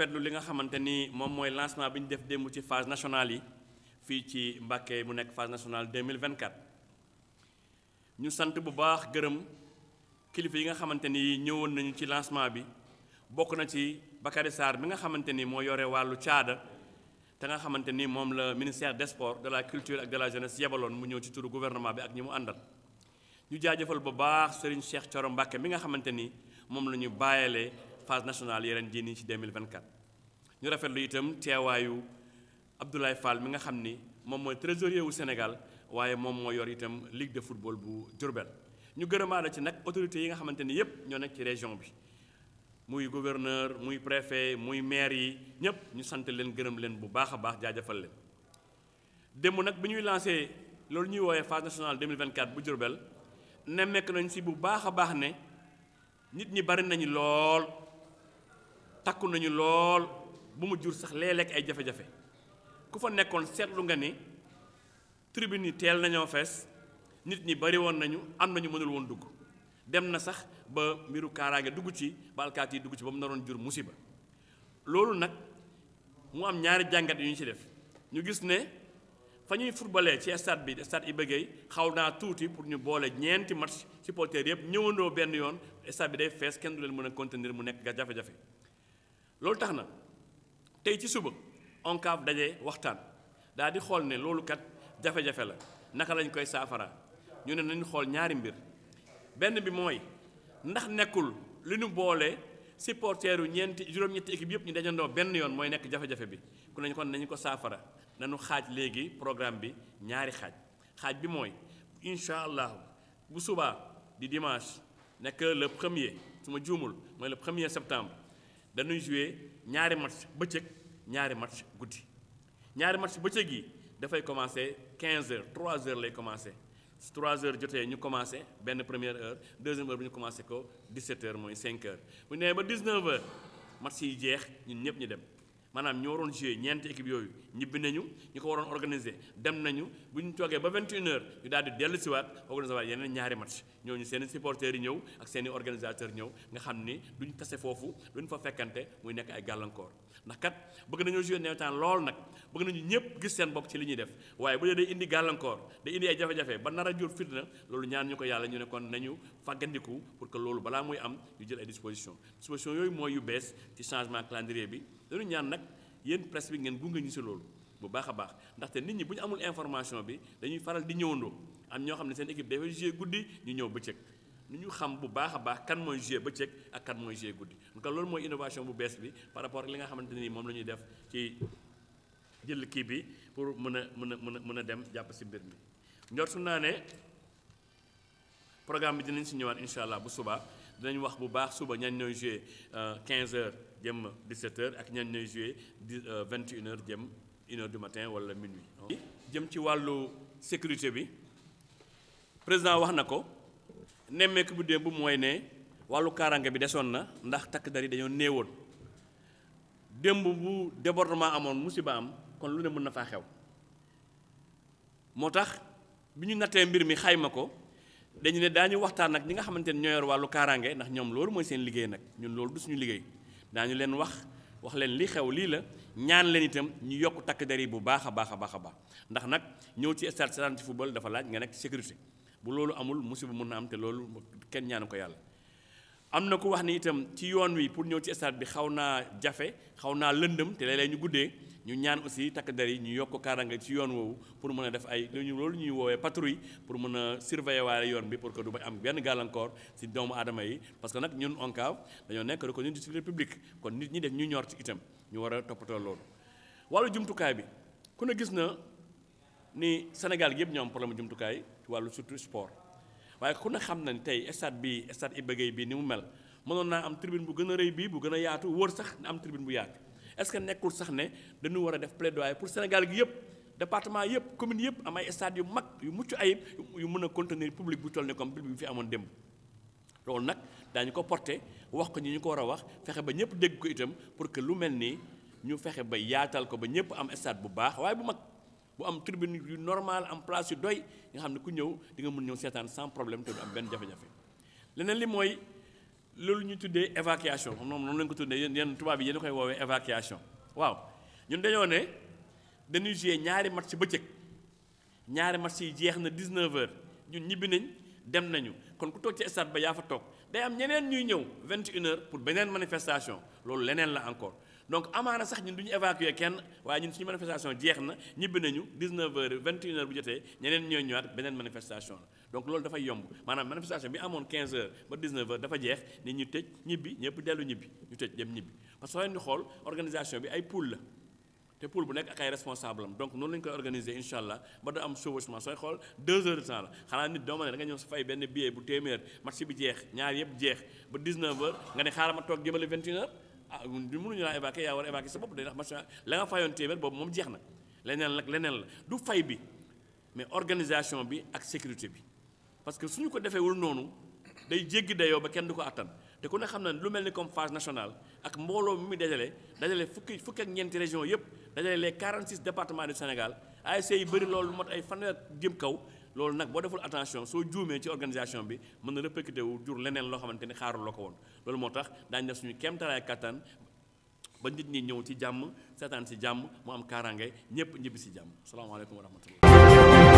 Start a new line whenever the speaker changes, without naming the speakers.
rafetlu li nga xamante ni moom mooy lancement bi ñu def démb ci phase nationale yi fii ci Mbàkke mu nekk phase nationale 2024 ñu sant bu baax gërëm kilifa yi nga xamante ni ñëwoon nañu ci lancement bi bokk na ci Bakary Sarr bi nga xamante ni moo yore wàllu caada te nga xamante ni moom la ministère des sports de la culture ak de la yebaloon mu ñëw ci turu gouvernement bi ak ñi mu àndal ñu jaajëfal bu baax Serigne Cheikh Thioro Mbacke mi nga xamante ni moom la ñu bàyyalee phase nationale yi ren jii nii ci 2024. ñu rafetlu itam teewaayu Abdoulaye Fall mi nga xam ni moom mooy trésorier wu Sénégal waaye moom moo yor itam ligue de football bu jurbel ñu gërëmaale ci nag autorités yi nga xamante ni yëpp ñoo nekk ci région bi. muy gouverneur muy préfet muy maire yi ñëpp ñu sante leen gërëm leen bu baax a baax jaajëfal leen démb nag bi ñuy lancé loolu ñuy woowee phase nationale 2024 bu Diourbel nemmeek nañ si bu baax a baax ne nit ñi bari nañu takku nañu lool bu mu jur sax léeg-léeg ay jafe-jafe ku fa nekkoon seetlu nga ni tribune yi teel nañoo fees nit ñi bari woon nañu am nañu mënul woon dugg dem na sax ba mbiru kaaraange dugg ci ba alkaati yi dugg ci ba mu naroon jur musiba loolu nag mu am ñaari jàngat yu ñu ci def ñu gis ne fa ñuy footballee ci stade bi stade Iba Gueye xaw naa tuuti pour ñu boole ñeenti match supporters yëpp ñëwandoo benn yoon stade bi day fees kenn du leen mën a contenir mu nekk ga loolu tax na tey ci suba ONCAV daje waxtaan daal di xool ne loolu kat jafe-jafe la naka lañ koy saafara ñu ne nañu xool ñaari mbir benn bi mooy ndax nekkul li ñu boole supporteru ñeenti juróom-ñetti équipe yëpp ñu dajandoo benn yoon mooy nekk jafe-jafe bi ku nañ kon nañu ko saafara nañu xaaj léegi programme bi ñaari xaaj xaaj bi mooy incha allah bu subaa di dimanche nekk le premier su ma juumul mooy le premier septembre dañuy jouer ñaari match bëccëg ñaari match guddi ñaari match bëccëg yi dafay commencer quinze heures trois heures lay commencer trois 3 heures jotee ñu commencer benn première heure deuxième heure bu ñu commencer ko 17 heures mooy cinq heures bu ñu nee ba 19 heures match yi jeex ñun ñëpp ñu dem. maanaam ñu waroon jouer ñeenti équipe yooyu ñibbi nañu ñu ko waroon organiser dem nañu bu ñu toogee ba 21 heures ñu daal di dellu siwaat organiser waat yeneen ñaari match ñooñu seen i supporteurs yi ñëw ak seen i ñëw nga xam ni duñ tase foofu lu ñu fa fekkante muy nekk ay gàllankoor ndax kat bëgg nañoo jouer nawetaan lool nag bëgg nañu ñëpp gis seen bopp ci li ñuy def waaye bu dee day indi gàllankoor day indi ay jafe-jafe ba nar a jur fitna loolu ñaan ñu ko yàlla ñu nekkoon kon nañu fàggandiku pour que loolu balaa muy am ñu jël ay disposition disposition yooyu mooy yu bees ci changement calendrier bi dañu ñaan nag yéen presse bi ngeen gunge ñu si loolu bu baax a baax ndaxte nit ñi bu ñu amul information bi dañuy faral di ñëwandoo am ñoo xam ne seen équipe dafay jouer guddi ñu ñëw bëccëg nu ñu xam bu baax a baax kan mooy jouer bëccëg ak kan mooy jouer guddi kon loolu mooy innovation bu bees bi par rapport ak li nga xamante ni moom la ñuy def ci jël kii bi pour mën a mën a mën a mën a dem jàpp si mbir mi njortu naa ne programme bi dinañ si ñëwaat incha allah bu subaa dinañ wax bu baax suba ñan ñooy joué 15 euh, heures jëm 17 heures ak ñan ñooy joué 21 euh, heures jëm 1 heure matin wala minuit. jëm ci wàllu sécurité bi président wax na ko nemmeeku bu démb mooy ne wàllu kaaraange bi desoon na ndax takk dar dañoo néewoon démb bu débordement amoon musiba am. kon lu ne mën na faa xew moo tax bi ñu nattee mbir mi xayma ko dañu ne ñu waxtaan ak ñi nga xamante ne ñoo yor wàllu kaaraange ndax ñoom loolu mooy seen liggéey nag ñun loolu du suñu liggéey daañu leen wax wax leen li xew lii la ñaan leen itam ñu yokk takk der bu baax a baax a baax a baax ndax nag ñëw ci stade ci football dafa laaj nga nekk sécurité bu loolu amul musiba mën na am te loolu kenn ñaanu ko yàlla am na ku wax ni itam ci yoon wi pour ñëw ci stade bi xaw naa jafe xaw naa lëndëm te léeg-léeg ñu guddee ñu ñaan aussi takk der yi ñu yokk kaaraange ci yoon woowu pour mën a def ay lu ñu loolu ñuy woowee patrouille pour mën a surveiller waale yoon bi pour que du ba am benn gàllankoor si doomu aadama yi parce que nag ñun ONCAV dañoo nekk reconnu d'utilité publique kon nit ñi def ñu ñor ci itam ñu war a toppatoo loolu. wàllu jumtukaay bi ku ne gis na ni senegal gi yëpp ñoo problème jumtukaay ci wàllu surtout sport. waaye ku ne xam na nañ tey stade bi stade Iba Gueye bii ni mu mel mënoon naa am tribune bu gën a rëy bii bu gën a yaatu wër sax na am tribune bu yaatu est-ce que nekkul sax ne dañu war a def plaidoyer pour Sénégal gi yëpp département yëpp commune yëpp am ay yu mag yu mucc ayib yu mën a contenir public bu toll ne comme public bi fi amoon démb loolu nag daañu ko porté wax ko ñi ñu ko war a wax fexe ba ñëpp dégg ko itam pour que lu mel nii ñu fexe ba yaatal ko ba ñëpp am stade bu baax waaye bu mag bu am tribune yu normal am place yu doy nga xam ne ku ñëw di mun ñëw seetaan sans problème te du am benn jafe-jafe leneen li mooy loolu ñu tuddee évacuation moom noonu lañu ko tuddee yéen tubaab yi yéen koy woowee évacuation waaw ñun dañoo ne dañuy jouer ñaari match bëccëg ñaari match yi jeex na 19 heures ñun ñibbi nañ dem nañu kon ku toog ci stade ba yaa fa toog day am ñeneen ñuy ñëw 21 heures pour beneen manifestation loolu leneen la encore donc amaana sax ñun du ñu évacuer kenn waaye ñun suñu manifestation jeex na ñibbi nañu 19 heures 21 heures bu jotee ñeneen ñooy ñëwaat beneen manifestation la donc loolu dafay yomb maanaam manifestation bi amoon 15 heures ba 19 heures dafa jeex nit ñu tëj ñibbi ñëpp dellu ñibbi ñu tëj dem ñibbi parce que soo xool organisation bi ay pool la te pool bu nekk ak donc noonu la ñu koy incha allah ba du am chevauchement sooy xool 2 heures de temps la xanaa nit doo nga ñëw sa fay benn bu téeméer match bi jeex ñaar yëpp jeex ba 19 heures nga ne xaaral ma toog jëmale 21 heures ah du mënuñu laa évacuer yaa war a évacuer sa bopp day tax machin la nga fayoon téeméer boobu moom jeex na leneen la leneen la du fay bi mais organisation bi ak sécurité bi parce que suñu ko defeewul noonu day jéggi dayoo ba kenn du ko attan te ku ne xam na lu mel ni comme phase nationale ak mbooloo mi muy dajale dajale fukki fukki ak ñeenti région yépp dajale les 46 départements du Sénégal ASC e yi bëri loolu lu mot ay fanweer jëm kaw loolu nag boo deful attention soo juumee ci organisation bi mën na répercuté wu jur leneen loo xamante ni xaarul la ko woon loolu moo tax daañu def suñu kéemtalaay kàttan ba nit ñi ñëw ci jàmm seetaan si jàmm mu am kaaraange ñëpp ñibbi si jàmm salaamaaleykum wa rahmatullah